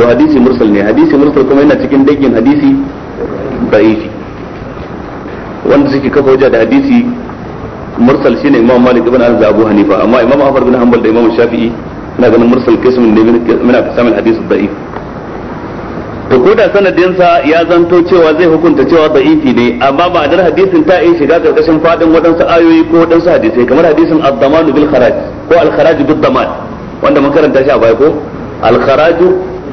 to hadisi mursal ne hadisi mursal kuma yana cikin dangin hadisi da'ifi wanda suke kafa wajen da hadisi mursal shine imam malik ibn anas abu hanifa amma imam ahmad bin hanbal da imam shafi'i suna ganin mursal qismun ne min aqsam hadisi hadith da'if to ko da sanadinsa ya zanto cewa zai hukunta cewa da'ifi ne amma ma'anar hadisin ta yi shiga karkashin fadin waɗansu ayoyi ko waɗansu hadisai kamar hadisin ad damanu bil kharaj ko al-kharaj bid-daman wanda mun karanta shi a baya ko al-kharaju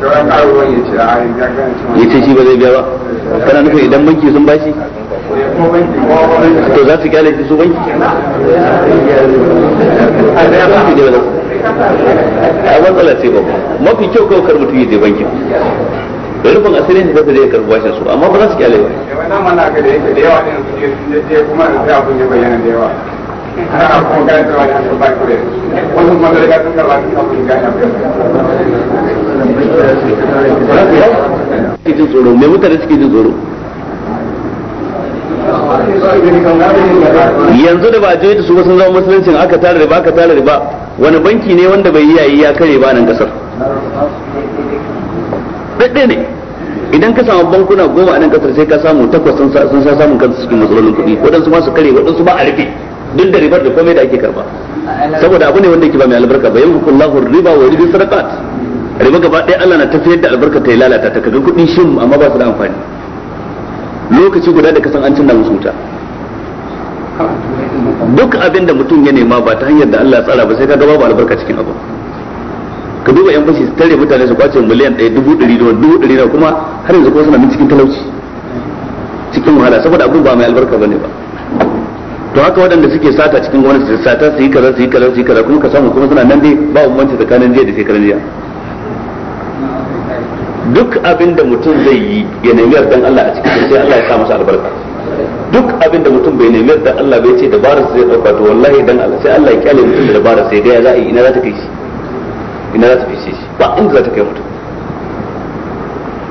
ya ce shi ba zai biya ba kana nufin idan banki sun bashi to za su kyale su banki a matsala ce ba mafi kyau kawai kar tuyi ya banki da rufin asirin da zai karbi bashin su amma ba za su kyale ba kuma suke jin tsoro me mutane suke jin tsoro yanzu da ba je da su ba sun zama musuluncin aka tara riba aka tara riba wani banki ne wanda bai yi ya kare ba nan kasar daɗe ne idan ka samu bankuna goma a nan kasar sai ka samu takwas sun sa samun kansu cikin matsalolin kuɗi waɗansu ma su kare waɗansu ba a rufe duk da ribar da komai da ake karba saboda abu ne wanda yake ba mai albarka ba yamhu kullahu riba wa ribin sadaqat riba gaba ɗaya Allah na tafiyar da albarka ta lalata ta kaga kuɗin shin amma ba su da amfani lokaci guda da kasan an cinna musu wuta duk abin da mutum ya nema ba ta hanyar da Allah tsara ba sai kaga babu albarka cikin abu ka duba yan fashi tare mutane su kwace miliyan ɗaya dubu ɗari da dubu ɗari na kuma har yanzu kuma suna min cikin talauci cikin wahala saboda abin ba mai albarka bane ba to haka waɗanda suke sata cikin gwamnati su sata su yi kaza su yi kaza su yi kaza kuma ka samu kuma suna nan dai ba bambanci tsakanin jiya da shekaran jiya duk abin da mutum zai yi ya nemi yardan Allah a cikin sai Allah ya sa masa albarka duk abin da mutum bai nemi yardan Allah bai ce dabara sai dauka to wallahi dan Allah sai Allah ya kyale mutum da dabara sai dai ya za a yi ina za ta kai shi ina za ta fi shi ba inda za ta kai mutum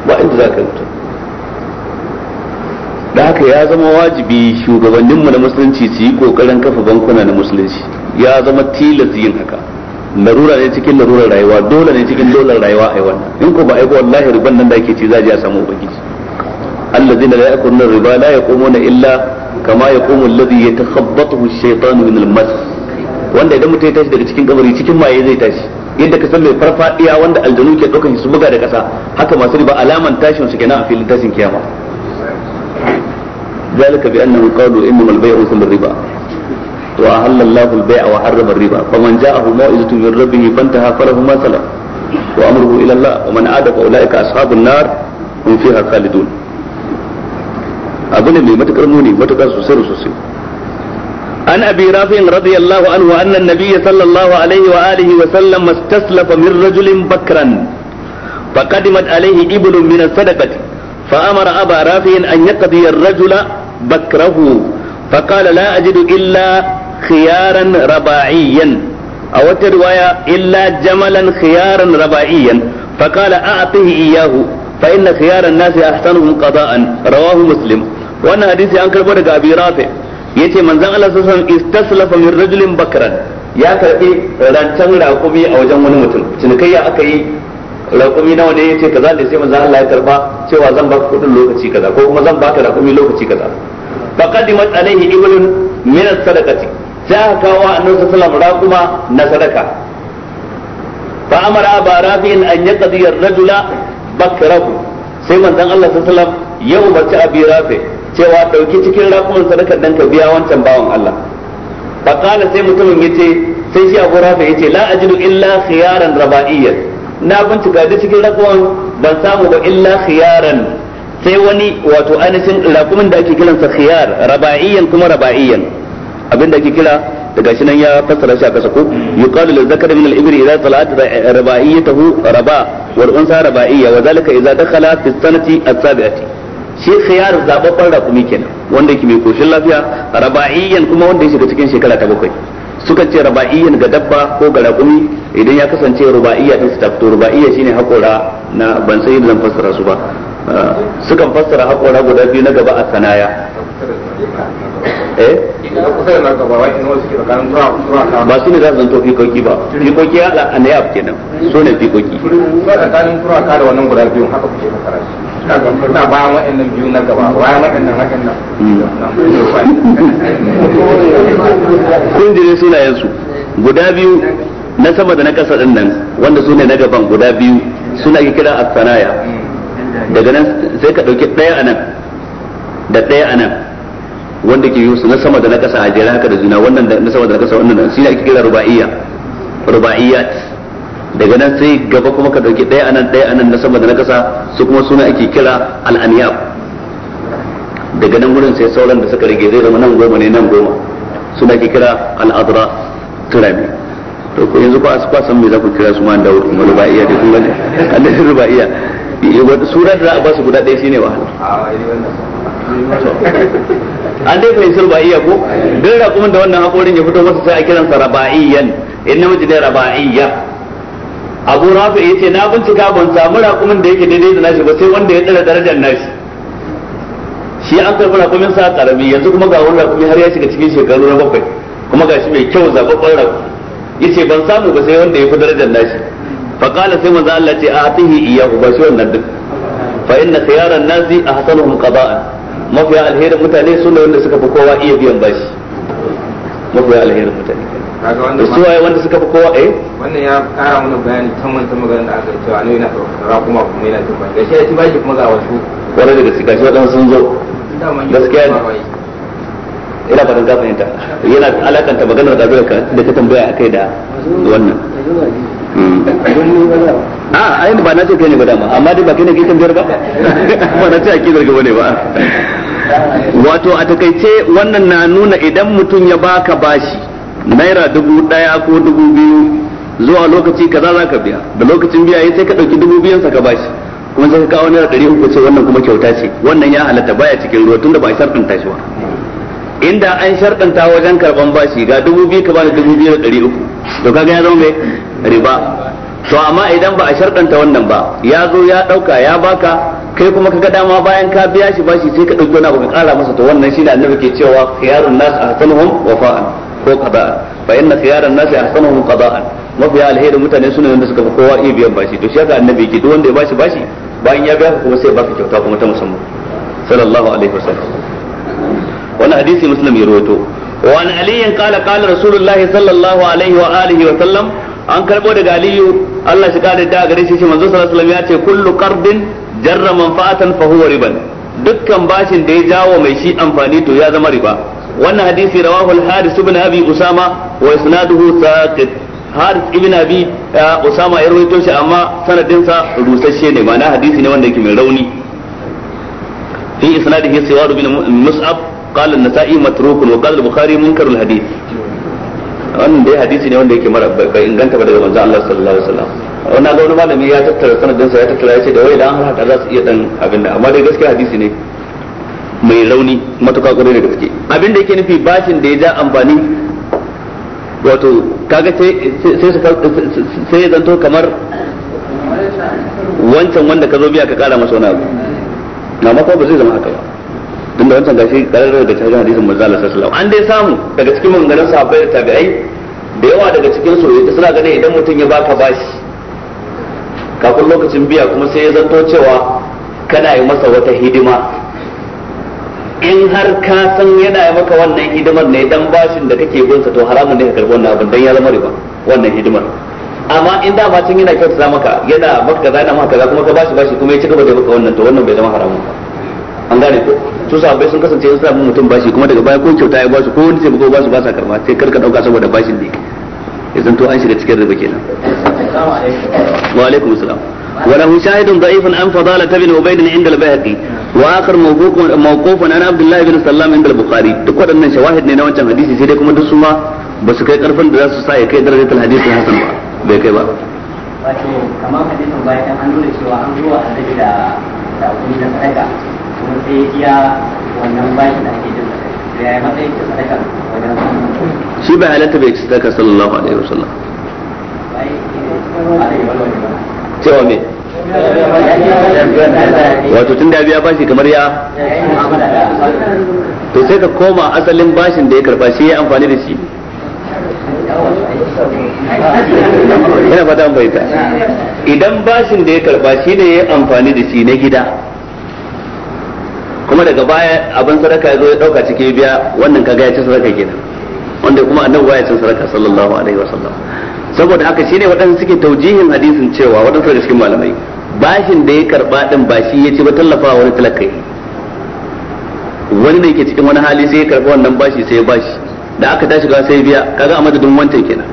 ba inda za ta kai mutum da haka ya zama wajibi shugabanninmu na musulunci su yi kokarin kafa bankuna na musulunci ya zama tilas yin haka larura ne cikin larurar rayuwa dole ne cikin dolar rayuwa ai wannan in ko ba ai wallahi riban nan da ake ci za a a samu ubangiji alladhina la yakunu riba la yaqumuna illa kama yaqumu alladhi yatakhabbathu ash-shaytanu min al-mas wanda idan mutai tashi daga cikin kabari cikin maye zai tashi yadda ka san mai farfadiya wanda aljanu ke daukan su buga da kasa haka masu riba alaman tashin su kenan a filin tashin kiyama zalika bi annahu qalu innamal bay'u riba وأحل الله البيع وحرم الربا فمن جاءه موعظة من ربه فانتهى فله ما سلف وأمره إلى الله ومن عاد فأولئك أصحاب النار هم فيها خالدون لي ما تكرموني ما تكرموني سر سوسي عن أبي رافع رضي الله عنه أن النبي صلى الله عليه وآله وسلم استسلف من رجل بكرا فقدمت عليه ابن من الصدقة فأمر أبا رافع أن يقضي الرجل بكره فقال لا أجد إلا khiyaran raba'iyyan a wata riwaya illa jamalan khiyaran raba'iyyan faqala a'tihi iyahu fa inna khiyaran nasi ahsanuhum qada'an rawahu muslim wannan hadisi an karbo daga abi rafi yace manzon Allah sallallahu alaihi wasallam istaslafa min rajulin bakran ya karbi rancen raƙumi a wajen wani mutum cinikayya aka yi raƙumi nawa ne yace kaza da sai manzon Allah ya karba cewa zan baka kudin lokaci kaza ko kuma zan baka raƙumi lokaci kaza faqadimat alaihi ibnun min as-sadaqati sai aka kawo annabi sallallahu alaihi wasallam kuma na sadaka fa amara ba rafi'in an yaqdi ar-rajula bakrahu sai manzon Allah sallallahu alaihi ya umarci abi rafi cewa dauki cikin rakuman sadakar dan ka biya wancan bawan Allah fa kana sai mutumin yace sai shi abu rafi yace la ajidu illa khiyaran rabaiyyah na bincika da cikin rakuman ban samu ba illa khiyaran sai wani wato ainihin rakumin da ake kiransa khiyar raba'iyyan kuma raba'iyyan abin da ake kira da gashi nan ya fassara shi a kasa ko yuqalu lil zakari min al ibri idza talat raba'iyatahu raba wal unsa raba'iyya wa zalika idza dakhala fi sanati as-sabi'ati shi khiyar zababban rakumi kenan wanda yake mai koshin lafiya raba'iyyan kuma wanda ya shiga cikin shekara ta bakwai suka ce raba'iyyan ga dabba ko ga raƙumi idan ya kasance ruba'iyya din su tafto ruba'iyya shine haƙora na ban sai zan fassara su ba ah, sukan fassara haƙora guda biyu na gaba a sanaya eh ba su ne za su zanto fikoki ba fikoki ya a na yaf kenan so ne fikoki tsakanin turaka da wannan guda biyu haka kuke hmm. kun sunayensu guda biyu na sama da na kasa ɗin nan wanda su ne na gaban guda biyu suna kira a sanaya hmm. daga nan sai ka ɗauki ɗaya a nan da ɗaya a nan wanda ke yusu na sama da na kasa a jera haka da juna wannan na sama da na kasa wannan shi ne ake kira ruba'iyya ruba'iyyat daga nan sai gaba kuma ka dauki ɗaya anan ɗaya anan na sama da na kasa su kuma suna ake kira al'aniyab daga nan gurin sai sauran da suka rage zai zama nan goma ne nan goma suna ake kira al'adra turami to ko yanzu ko su kwasan me za ku kira su ma da kuma ruba'iyya da kun gane ruba'iyya sura da za a ba su guda ɗaya shine wahala an dai fahimci ruba'iyya ko duk raƙumin da wannan haƙorin ya fito masa sai a kiransa raba'iyyan in namiji ne raba'iyya abu rafi ya ce na bincika ban samu raƙumin da yake daidai da nashi ba sai wanda ya tsara darajar nashi shi an karɓi raƙumin sa ƙarami yanzu kuma ga wani raƙumi har ya shiga cikin shekaru na bakwai kuma ga shi mai kyau zaɓaɓɓen raƙumi ya ce ban samu ba sai wanda ya fi darajar nashi faƙala sai manzo Allah ce a atihi iyahu ba shi wannan duk fa inna khiyaran nazi ahsanuhum qada'an mafiya alherin mutane su ne wanda suka fi kowa iya biyan bashi mafiya alherin mutane da su waye wanda suka fi kowa eh wannan ya kara mana bayani kan wanda magana da aka cewa ne yana tsara kuma kuma yana jin bashi gashi ya ci baki kuma ga wasu wani daga cikin gashi wadansu sun zo gaskiya ne ina ba ka fahimta yana alakanta maganar da ka tambaya akai da wannan a ah, ayin ba na ce kai ne ba dama amma dai ba kai ne kai ba ba na ce akidar gaba ne ba wato a takaice wannan na nuna idan mutum ya baka bashi naira dubu daya ko dubu biyu zuwa lokaci kaza za ka biya da lokacin biya ya sai ka ɗauki dubu biyan sa ka bashi kuma sai ka kawo naira ɗari uku ce wannan kuma kyauta ce wannan ya halatta baya cikin ruwa tunda ba a sharɗanta shi ba inda an sharɗanta wajen karɓan bashi ga dubu biyu ka bani dubu biyu da ɗari uku to kaga ya zama mai riba to amma idan ba a sharɗanta wannan ba ya zo ya ɗauka ya baka kai kuma kaga dama bayan ka biya shi bashi sai ka ɗauki wani abu ka ƙara masa to wannan shine annabi ke cewa khiyarun nas ahsanuhum wafa'an ko qada'an fa inna khiyarun nas ahsanuhum qada'an mafiya alheri mutane suna wanda suka fi kowa iya biyan bashi to shi yasa annabi ke duk wanda ya bashi bashi bayan ya biya kuma sai baka kyauta kuma ta musamman sallallahu alaihi wasallam wani hadisi muslim ya rawaito وعن علي قال قال رسول الله صلى الله عليه وآله وسلم an karbo daga aliyu Allah shi kare da gare shi shi manzo sallallahu alaihi wasallam ya ce kullu qardin jarra manfa'atan fa huwa riban dukkan bashin da ya jawo mai shi amfani to ya zama riba wannan hadisi rawahu al-haris ibn abi usama wa isnaduhu saqit haris ibn abi eh, usama ya rawaito shi amma sanadin sa rusasshe ne ma'ana hadisi ne wanda yake mai rauni fi isnadihi siwar bin mus'ab قال wa متروك وقال البخاري منكر hadith wannan dai hadisi ne wanda yake mara bai inganta ba daga manzon Allah sallallahu alaihi wasallam wannan ga wani malami ya tattara sanadin sa ya tattara ya ce da wai da an hada za su iya dan abin da amma dai gaskiya hadisi ne mai rauni matuƙa ƙwarai da gaske abin da yake nufi bashin da ya ja amfani wato kaga sai sai ya zanto kamar wancan wanda ka zo biya ka kara masa wani abu amma kuma ba zai zama haka ba tunda wancan shi kararra da cikin hadisin manzo Allah sallallahu alaihi an dai samu daga cikin maganganun sahabbai da tabi'ai da yawa daga cikin su suna ganin idan mutum ya baka bashi kafin lokacin biya kuma sai ya zanto cewa kana yi masa wata hidima in har ka san yana yi maka wannan hidimar ne dan bashin da kake bin sa to haramun ne ka karbi wannan abin dan ya zama riba wannan hidimar amma in da ba tun yana kyautata maka yana maka kaza yana maka kaza kuma ka bashi bashi kuma ya ci gaba da maka wannan to wannan bai zama haramun ba an gane ko su sahabbai sun kasance yin samun mutum bashi kuma daga baya ko kyauta ya basu ko wani taimako ba su ba sa karba sai karka dauka saboda bashin ne ya zanto an shiga cikin riba kenan wa alaikum assalam وله شاهد ضعيف عن فضالة بن عبيد عند البيهقي وآخر موقوف موقوف عن عبد الله بن سلام عند bukhari duk wadannan shawahid ne na wancan hadisi sai dai kuma duk su ma ba su kai karfin da za su sa ya kai darajar hadisi hasan ba bai kai ba wato kamar hadisin bayan an nuna cewa an zuwa annabi da sai iya wannan bashi da ake jin da ya matsayin da sadaka wajen shi bai halatta bai sadaka sallallahu alaihi sallam cewa me wato tun da biya bashi kamar ya to sai ka koma asalin bashin da ya karba shi ya amfani da shi yana fata an fahimta idan bashin da ya karba shi ne ya amfani da shi na gida kuma daga baya abin sadaka ya zo ya dauka cike biya wannan kaga ya ci sadaka kenan wanda kuma annabi ya ci sadaka sallallahu alaihi wasallam saboda haka shine wadanda suke taujihin hadisin cewa waɗansu suke cikin malamai bashin da ya karba din ba shi ya ba tallafa wani talakai wani da yake cikin wani hali sai ya karba wannan bashi sai ya bashi da aka tashi ga sai biya kaga a madadin wancan kenan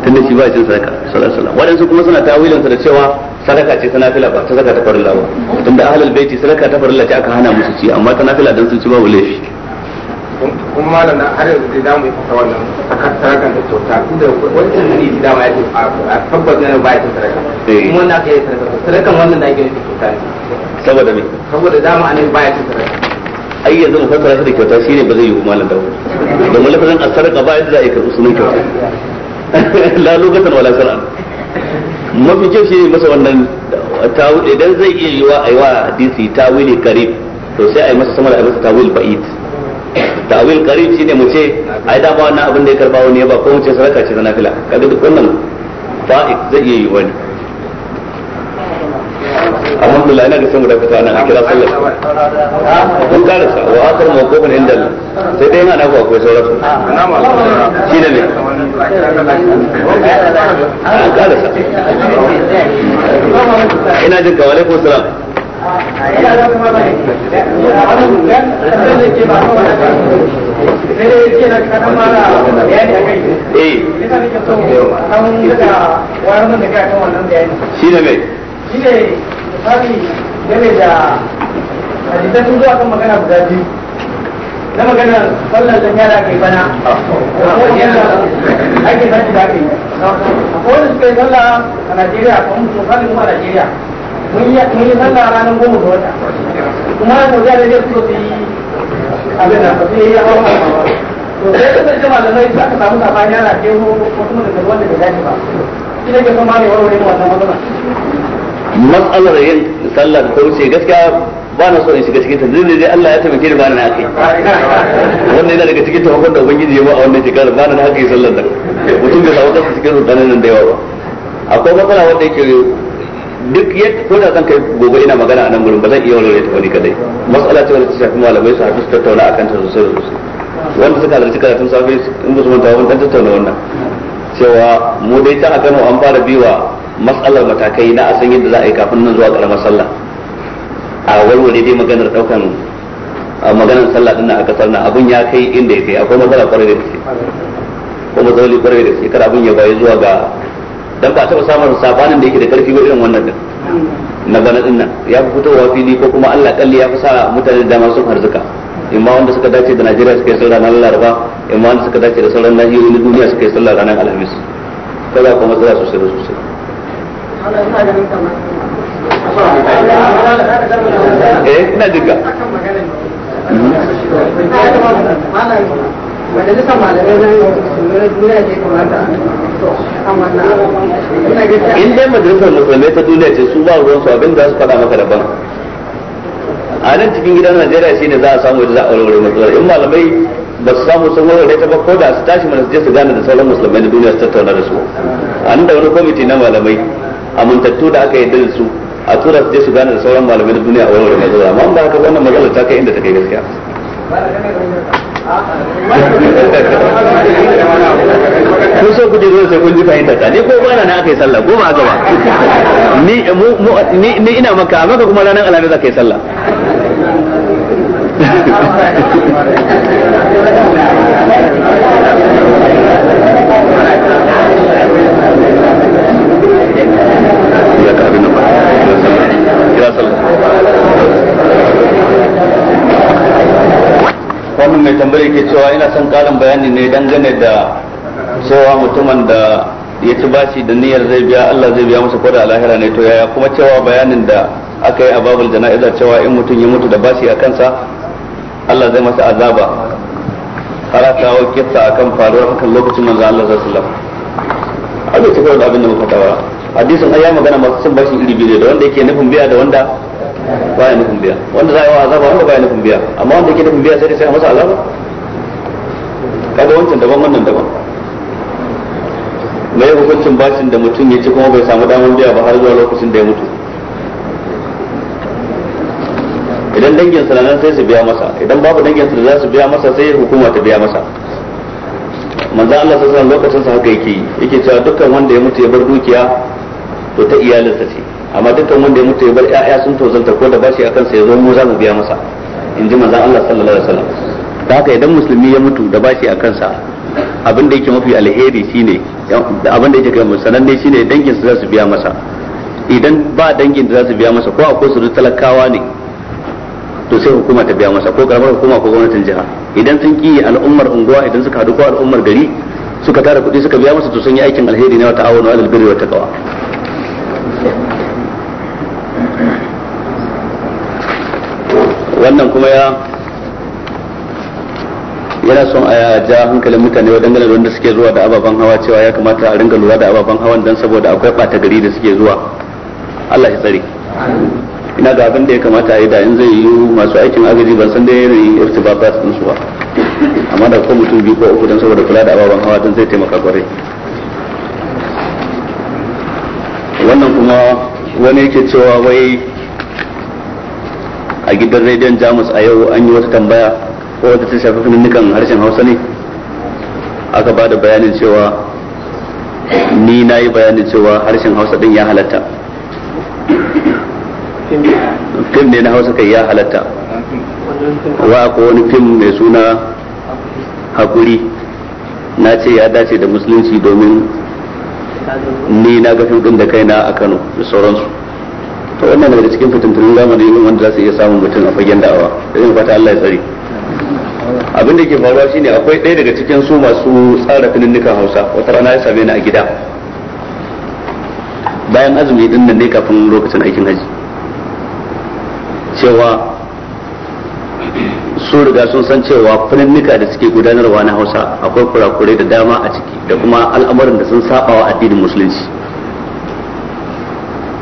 tunda shi ba cin sadaka sallallahu alaihi wasallam waɗansu kuma suna tawilin sa da cewa sadaka ce ta nafila ba ta zaka ta farilla ba tunda ahlul baiti sadaka ta farilla ce aka hana musu ci amma ta nafila dan sun ci babu laifi kuma malam na har yanzu da mu yi fata wannan sadakan da kyauta da wannan hadisi da ma ya ce a tabbata ne ba ya sadaka eh. kuma na aka yi sadaka sadakan wannan da ake yi kyauta ne saboda me saboda dama annabi ba ya ce sadaka ai yanzu mu fassara shi da kyauta shine ba zai yi kuma malam da wani domin lafazin asarka ba yadda za a yi karɓi sunan kyauta la lokacin wala sana'a mafi kyau shi masa wannan tawil idan zai iya a yi wa hadisi tawili karib to sai a yi masa sama da a masa tawil ba'id tawil karib shi ne mu ce ai dama wannan abin da ya karba wani ya ba ko mu ce sadaka ce na nafila kaga duk wannan fa'id zai iya yi wani alhamdulillah ina da san guda fita nan a kira sallar kun karasa wa akar mawqufan inda sai dai ana ku akwai sauransu shi ne an karasa ina jin ka alaikum salam eh. shi ne mai shi ne misali game da hadisan zuwa kan magana guda biyu na sallar da yara kai bana aikin da aka yi a kowane suka yi sallah a najeriya kuma musamman kuma najeriya mun yi sallah ranar goma ga wata kuma na sauya da zai su yi abin da su yi yawon alfawa to sai suka ce malamai za ka samu sabani ana jeho ko kuma da wanda bai dace ba shi ne ke son ma wannan matsalar matsalar yin sallah da kauce gaskiya ba na so in shiga cikin ta ne dai Allah ya taimake ni ba na haƙi wannan yana daga cikin taimakon da ubangiji ya ba a wannan shekara ba na haƙi sallah sallar nan mutum da samu kansa cikin rudanin nan da yawa ba akwai matsala wanda yake duk yadda ko da zan kai gobe ina magana a nan gurin ba zan iya wani ta wani kadai matsala ce wanda ta shafi malamai su haɗu su tattauna a kanta sosai da sosai wanda suka halarci karatun safe in ba su manta ba mun tattauna wannan cewa mu dai ta a Kano an fara biwa matsalar matakai na a san yadda za a yi kafin nan zuwa karamar sallah a warware dai maganar daukan maganar sallah din a kasar nan abun ya kai inda ya kai akwai matsala kwarai da gaske ko matsaloli kwarai da gaske kar abun ya bayi zuwa ga dan ba taba samun sabanin da yake da karfi ba irin wannan din na bana din nan ya fi fitowa fili ko kuma Allah kalli ya fi sa mutane da dama sun harzuka imma wanda suka dace da Najeriya suka yi sallah ranar Laraba imma wanda suka dace da sauran nahiyoyi na duniya suka yi sallah ranar Alhamis kada kuma matsala sosai da sosai eh ina jinka majalisar in dai majalisar musulmai ta duniya ce su ba ruwansu abin da su faɗa maka daban a nan cikin gidan najeriya shi ne za a samu da za a aure matsalar in malamai ba su samu sun da ta ba ko da su tashi mana su je su gane da sauran musulmai na duniya su tattauna da su a nan da wani kwamiti na malamai amintattu da aka yarda da su a tura su je su gane da sauran malamai na duniya a wani matsala amma ba haka wannan matsalar ta kai inda ta kai gaskiya ko so ku jiro sai kun ji fahimta ta ni ko bana na aka yi sallah goma aka ba ni ni ina maka maka kuma ranar alhamis aka yi sallah mai tambayar ke cewa ina son karin bayani ne dangane da cewa mutumin da ya ci bashi da niyyar zai biya Allah zai biya masa koda alahira ne to yaya kuma cewa bayanin da aka yi a babul jana'iza cewa in mutum ya mutu da bashi a kansa Allah zai masa azaba har aka kawo kissa akan faruwar hakan lokacin manzo Allah sallallahu alaihi wasallam a da abin da muka tawara hadisin ai ya magana masu cin bashi iri biyu da wanda yake nufin biya da wanda baya nufin biya wanda za a yi wa azaba wanda baya nufin biya amma wanda yake nufin biya sai dai sai a masa azaba kaga wancan daban wannan daban mai hukuncin bashin da mutum ya ci kuma bai samu damar biya ba har zuwa lokacin da ya mutu idan dangin sa nan sai su biya masa idan babu dangin sa da za su biya masa sai hukuma ta biya masa manzo Allah sallallahu alaihi wasallam lokacin sa haka yake yi yake cewa dukkan wanda ya mutu ya bar dukiya to ta iyalinsa ce amma dukkan wanda ya mutu ya bar ƴaƴa sun tozanta ko da bashi akan sa ya zo mu za mu biya masa in ji manzon Allah sallallahu alaihi wasallam da haka idan musulmi ya mutu da bashi akan sa abin da yake mafi alheri shine abin da yake kai sananne shine dangin su za su biya masa idan ba dangin da za su biya masa ko akwai su talakawa ne to sai hukuma ta biya masa ko karamar hukuma ko gwamnatin jiha idan sun kiyi al'ummar unguwa idan suka haɗu ko al'ummar gari suka tara kuɗi suka biya masa to sun yi aikin alheri na wata awon wa albirri wa taqwa wannan kuma ya yana son a ja hankalin mutane wa dangane da wanda suke zuwa da ababen hawa cewa ya kamata a ringa lura da ababen hawan dan saboda akwai ɓata gari da suke zuwa Allah ya tsare ina ga abin da ya kamata a yi da in zai yi masu aikin agaji ban san da yanayin irtibabat din su ba amma da ko mutum biyu ko uku dan saboda kula da ababen hawa dan zai taimaka kwarai wannan kuma wani yake cewa wai a gidan rediyon jamus a yau an yi wata tambaya ko wata ta shafi nukan harshen hausa ne aka ba da bayanin cewa ni na yi bayanin cewa harshen hausa din ya halatta fim ne na hausa kai ya halatta wa ko wani fim mai suna hakuri na ce ya dace da musulunci domin ni na ga fim din da kaina a kano da sauransu to wannan daga cikin fitintunin zamani ne wanda za su iya samun mutum a fagen da'awa irin fata Allah ya tsare abin da ke faruwa shine akwai ɗaya daga cikin su masu tsara fininnikan Hausa wata rana ya same ni a gida bayan azumi din nan ne kafin lokacin aikin haji cewa sun riga sun san cewa nika da suke gudanarwa na Hausa akwai kurakurai da dama a ciki da kuma al'amarin da sun sabawa addinin musulunci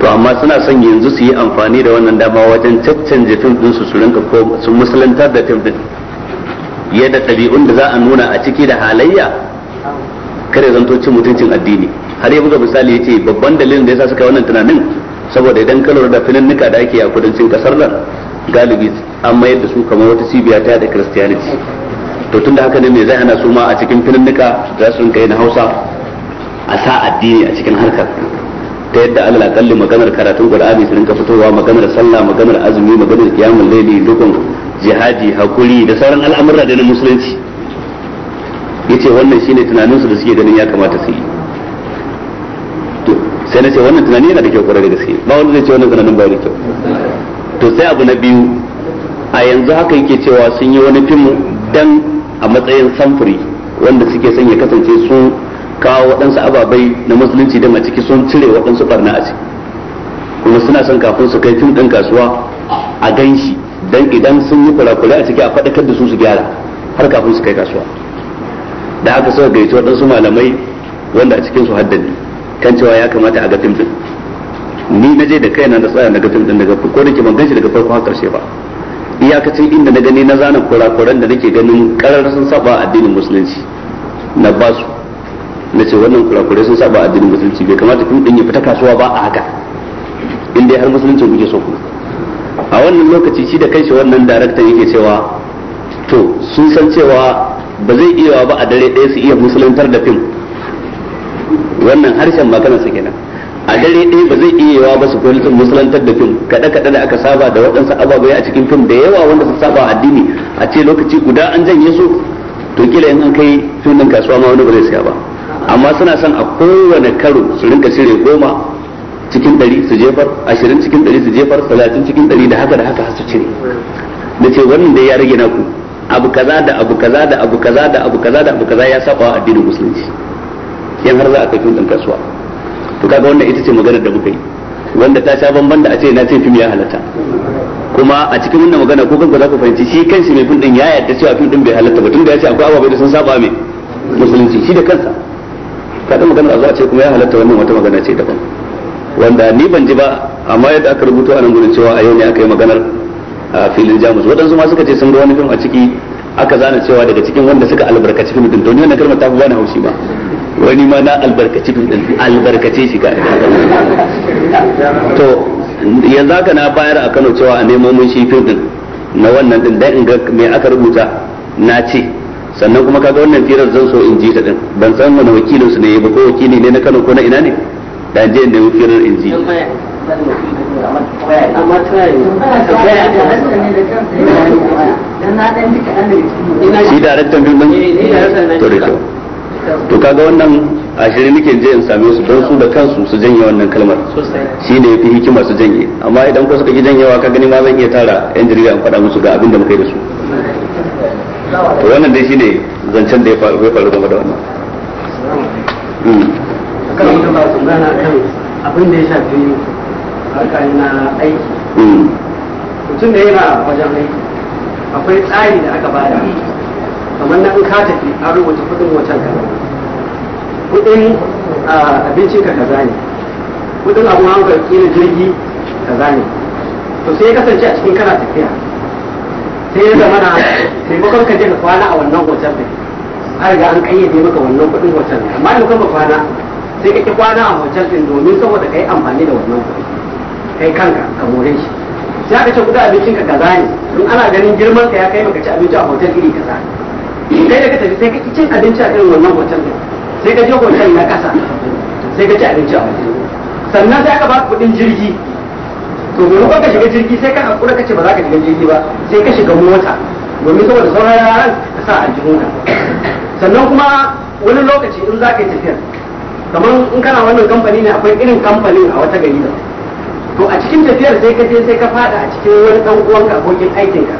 to amma suna son yanzu su yi amfani da wannan dama wajen caccanje fim din su rinka ko su musulantar da fim din yadda ɗabi'un da za a nuna a ciki da halayya kare zanto cin mutuncin addini har ya buga misali yace babban dalilin da yasa suka wannan tunanin saboda idan ka lura da nika da ake a kudancin kasar nan galibi an mayar da su kamar wata cibiya ta da christianity to tun da haka ne mai zai hana su ma a cikin nika za su rinka yin hausa a sa addini a cikin harkar ta yadda alal kalli maganar karatun qur'ani su rinka fitowa maganar sallah maganar azumi maganar qiyamul layli dukkan jihadi hakuri da sauran al'amuran da na musulunci yace wannan shine tunanin su da suke ganin ya kamata su yi to sai na ce wannan tunani yana da kyau kwarai da gaske ba wanda zai ce wannan tunanin ba da kyau to sai abu na biyu a yanzu haka yake cewa sun yi wani fim dan a matsayin samfuri wanda suke son ya kasance su kawo waɗansu ababai na musulunci da ciki sun cire waɗansu barna a ciki kuma suna son kafin su kai fim ɗin kasuwa a gan shi don idan sun yi kurakurai a ciki a faɗakar da su su gyara har kafin su kai kasuwa da haka suka gaici waɗansu malamai wanda a cikin su haddani kan cewa ya kamata a ga fim ɗin ni na je da kaina na tsaya na ga fim ɗin daga ko da ke ban ganshi daga farko har ƙarshe ba iyakacin inda na gani na zana kurakuran da nake ganin karar sun saba addinin musulunci na basu na ce wannan kurakurai sun saba addinin musulunci bai kamata kun din ya fita kasuwa ba a haka in dai har musulunci kuke so ku a wannan lokaci shi da kanshi wannan daraktan yake cewa to sun san cewa ba zai iya ba a dare ɗaya su iya musulantar da fim wannan harshen maganar su kenan a dare ɗaya ba zai iya yawa ba su koyi musulantar da fim kaɗe-kaɗe da aka saba da waɗansu ababai a cikin fim da yawa wanda su saba addini a ce lokaci guda an janye su to kila in an kai fim ɗin kasuwa ma wani ba zai siya ba amma suna son a kowane karo su rinka cire goma cikin ɗari su jefar ashirin cikin ɗari su jefar talatin cikin ɗari da haka da haka su cire da ce wannan dai ya rage naku abu kaza da abu kaza da abu kaza da abu kaza da abu kaza ya saba wa addinin musulunci yan har za a kafin dan kasuwa to kaga wannan ita ce maganar da muka yi wanda ta sha bamban da a ce na ce fim ya halatta kuma a cikin wannan magana ko kanku za ku fahimci shi kanshi mai fim din ya yarda cewa fim din bai halatta ba tunda ya ce akwai abubuwa da sun saba mai musulunci shi da kansa faɗi maganar a zuwa ce kuma ya halatta wannan wata magana ce daban wanda ni ban ji ba amma yadda aka rubuto a nan gudun cewa a yau ne aka yi maganar a filin jamus waɗansu ma suka ce sun ga wani fim a ciki aka zana cewa daga cikin wanda suka albarkaci fim din to ni wannan kalmar ta fi bani haushi ba wani ma na albarkaci fim din albarkace shi ka to yanzu haka na bayar a Kano cewa a neman mun shi fim din na wannan din dan in ga me aka rubuta na ce sannan kuma kaga wannan firar zan so in ji ta din ban san wani wakilin su ne ba ko wakili ne na Kano ko na ina ne da je ne firar in ji shi rattan bin banki to da to kaga wannan ashirin nake je in same su don su da kansu su janye wannan kalmar shi ne fi hikima su janye amma idan ko suka ki janyewa ka gani ma zan iya tara yan jirgin faɗa musu ga abin da muka yi da su to wannan dai shine zancen da ya faru game da wannan hmm. kan mutum ba su gana kan abin da ya shafi harkar na aiki hmm. mutum da yana wajen aiki akwai tsari da aka bada kamar na in ka tafi an rubuta kudin wacan ka kudin abincin ka kaza ne kudin abun hankali kila jirgi kaza ne to sai ya kasance a cikin kana tafiya sai ya zama na maimakon ka je ka kwana a wannan hotel ne har ga an kayyade maka wannan kuɗin hotel ne amma da kuma kwana sai kake kwana a hotel din domin saboda kai amfani da wannan kuɗi kai kanka ka more shi sai aka ce kuɗin abincin ka kaza ne don ana ganin girman ka ya kai maka ci abinci a hotel iri kaza sai da ka tafi sai kake cin abinci a irin wannan hotel din sai ka je hotel na kasa sai ka ci abinci a hotel sannan sai aka ba kuɗin jirgi to maimakon ka shiga jirgi sai ka hakura ka ce ba za ka shiga jirgi ba sai ka shiga mota domin saboda sauran yaran ka sa a jihunka sannan kuma wani lokaci in za ka yi tafiyar kamar in kana wannan kamfani ne akwai irin kamfanin a wata gari to a cikin tafiyar sai ka je sai ka fada a cikin wani dan uwanka abokin aikinka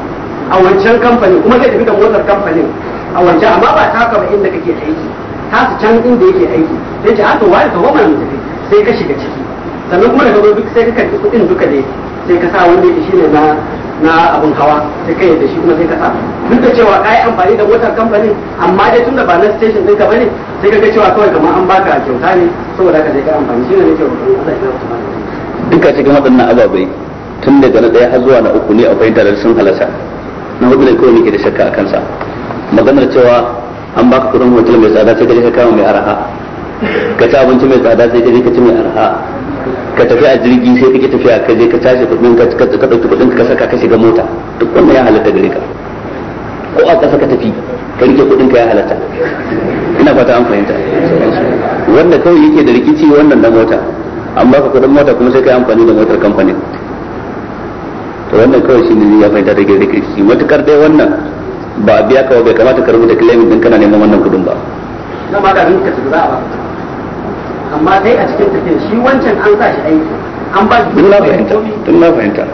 a wancan kamfanin kuma kai tafi da motar kamfanin a wancan amma ba ta kama inda kake aiki ta su can inda yake aiki sai ce a ah, to wani kawo mana tafi sai ka shiga ciki sannan kuma daga duk sai ka karbi kuɗin duka ne sai ka sa wanda shi ne na na abun hawa sai kai da shi kuma sai ka sa duk da cewa kai amfani da motar kamfanin amma dai tunda ba na station ka bane sai ka ga cewa kawai kamar an baka kyauta ne saboda ka sai ka amfani shi ne nake roƙon Allah ya ba duka cikin waɗannan azabai tun daga na ɗaya har zuwa na uku ne akwai dalar sun halasa na hudu da kawai nake da shakka a kansa maganar cewa an baka kudin hotel mai tsada sai ka je ka kama mai araha ka ci abinci mai tsada sai ka je ka ci mai araha ka tafi a jirgi sai kake tafiya ka je ka tashi kudin ka ka dauki kudin ka saka ka shiga mota duk wannan ya halatta gare ka ko a kasa ka tafi ka rike kudin ka ya halatta ina fata an fahimta wanda kawai yake da rikici wannan na mota an baka kudin mota kuma sai kai amfani da motar kamfanin to wannan kawai shine ya fahimta da gare rikici matukar dai wannan ba a biya ka bai kamata ka rubuta claim din kana neman wannan kudin ba na ma da ka za a ba amma dai a cikin tafiya shi wancan an sa shi aiki an ba shi na fahimta tun na fahimta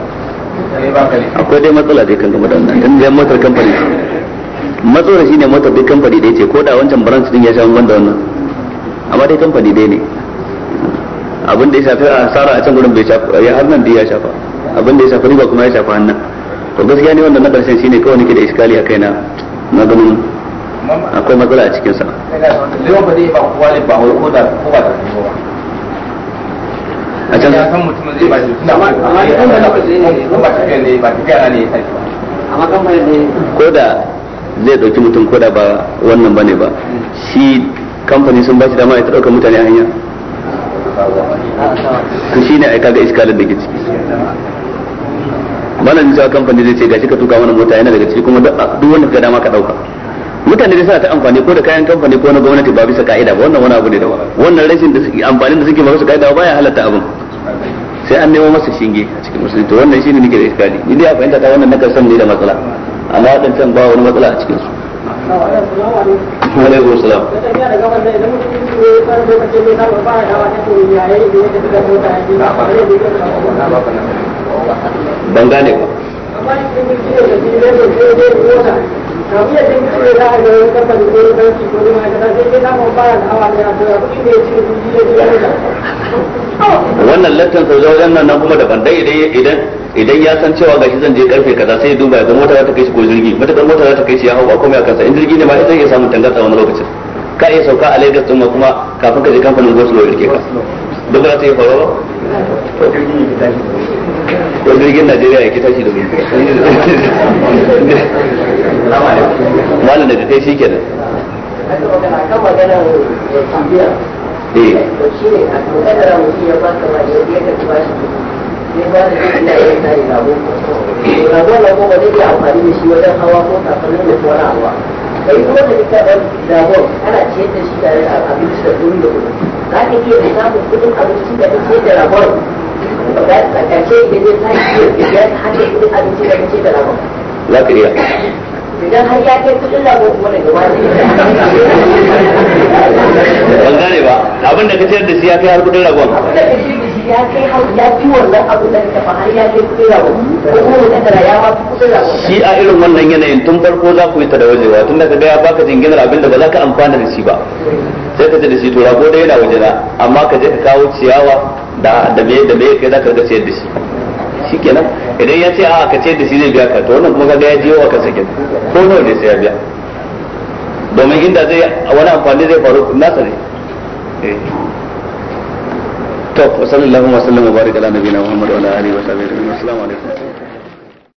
akwai dai matsala dai kan game da wannan tun dai motar kamfani matsalar shine motar duk kamfani dai ce ko da wancan branch din ya sha wanda wannan amma dai kamfani dai ne abin da ya shafi asara ah, a can gurin bai shafa ya hannun da ya shafa abin da ya shafi riba kuma ya shafa hannun to gaskiya ne wanda na karshen shine kawai nake da iskali a kaina na ganin akwai matsala a cikinsa a can zai ko da zai dauki mutum ko da ba wannan bane ba shi kamfani sun ba shi dama ya ta dauka mutane a hanya ne shine ai kaga iskalar da ke ciki malam cewa kamfani zai ce shi ka tuka mana mota yana daga ciki kuma duk wanda ka dama ka dauka mutane da suna ta amfani ko da kayan kamfani ko na gwamnati ba bisa ka'ida ba wannan wani abu ne da wannan rashin da suke amfani da suke masu ka'ida ba ya halatta abin sai an nemo masa shinge a cikin musulunci to wannan shine nake da iskali ni dai a fahimta ta wannan nakan san ne da matsala amma can ba wani matsala a cikin su alaikum salam ban gane ba wannan lattan sau wajen nan kuma daban dai idan idan ya san cewa gashi zan je karfe kaza sai ya duba ga mota za ta kai shi ko jirgi matakan mota za ta kai shi ya hau kuma ya a kansa in jirgi ne ma zai iya samun tangarda wani lokacin ka iya sauka a Lagos din kuma kafin ka je kamfanin Goslow ya rike ka duk ba ta yi faruwa ko jirgin najeriya ya kita shi da malam da ta shi kenan eh ne ba da shi ina yin tari rago rago rago ba zai iya amfani da shi wajen hawa ko takalmin da kuma rawa kai kuma da ita ɗan rago ana ciyar da shi da abinci da kuri da kuri za ka iya samun kudin abinci da ta ciyar za ka iya idan ya kai kudin kuma daga da ka kai har kudin abin ya kai har ya wannan abu da ka fa har ya kai kudin lagon ko kuma da ya ba kudin lagon shi a irin wannan yanayin tun farko za ku yi ta da tun da ka ga ya baka jinginar abin da ba za ka amfana da shi ba sai ka ce da shi to rago da yana wajena amma ka je ka kawo ciyawa da da me da me kai zaka ga sayar da shi shikenan idan ya ce a ka ce da shi zai biya ka to wannan kuma kaga ya je wa sake ko nawa ne sai ya biya domin inda zai wani amfani zai faru nasa ne eh. to sallallahu alaihi wa sallam wa barakallahu nabiyina muhammad wa alihi wa sahbihi wa sallam alaikum